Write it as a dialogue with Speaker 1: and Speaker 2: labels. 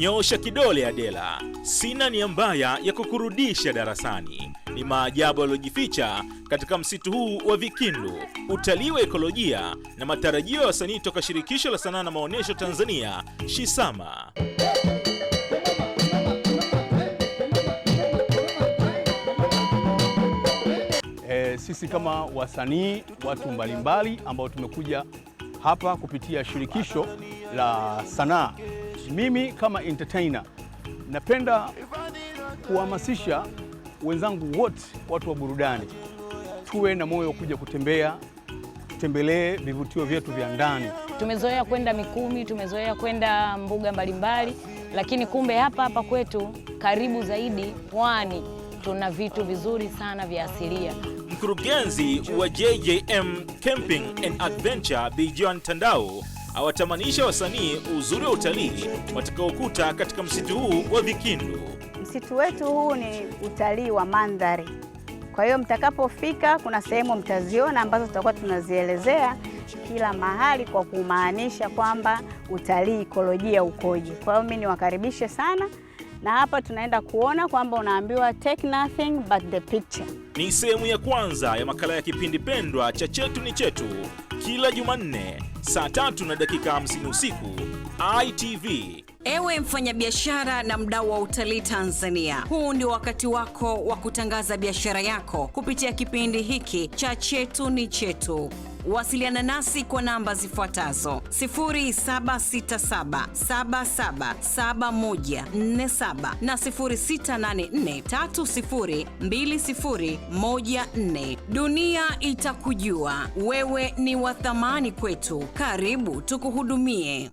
Speaker 1: Nyosha kidole Adela, sina nia mbaya ya kukurudisha darasani. Ni maajabu yaliyojificha katika msitu huu wa Vikindu, utalii wa ekolojia na matarajio ya wasanii toka Shirikisho la Sanaa na Maonyesho Tanzania, Shisama.
Speaker 2: E, sisi kama wasanii, watu mbalimbali ambao tumekuja hapa kupitia Shirikisho la Sanaa mimi kama entertainer napenda kuhamasisha wenzangu wote, watu wa burudani, tuwe na moyo kuja kutembea, tutembelee vivutio vyetu vya ndani.
Speaker 3: Tumezoea kwenda Mikumi, tumezoea kwenda mbuga mbalimbali, lakini kumbe hapa hapa kwetu karibu zaidi pwani tuna vitu vizuri sana vya asilia.
Speaker 1: Mkurugenzi wa JJM Camping and Adventure Bijoan Tandao awatamanisha wasanii uzuri wa utalii watakaokuta katika msitu huu wa Vikindu.
Speaker 4: Msitu wetu huu ni utalii wa mandhari, kwa hiyo mtakapofika, kuna sehemu mtaziona ambazo tutakuwa tunazielezea kila mahali kwa kumaanisha kwamba utalii ikolojia ukoje. Kwa hiyo mimi niwakaribishe sana na hapa tunaenda kuona kwamba unaambiwa take nothing but the picture.
Speaker 1: Ni sehemu ya kwanza ya makala ya kipindi pendwa cha Chetu ni Chetu kila Jumanne saa tatu na dakika 50 usiku ITV
Speaker 5: Ewe mfanyabiashara na mdau wa utalii Tanzania, huu ndio wakati wako wa kutangaza biashara yako kupitia kipindi hiki cha Chetu ni Chetu. Wasiliana nasi kwa namba zifuatazo: 0767777147 na 0684302014. Dunia itakujua wewe ni wa thamani kwetu. Karibu tukuhudumie.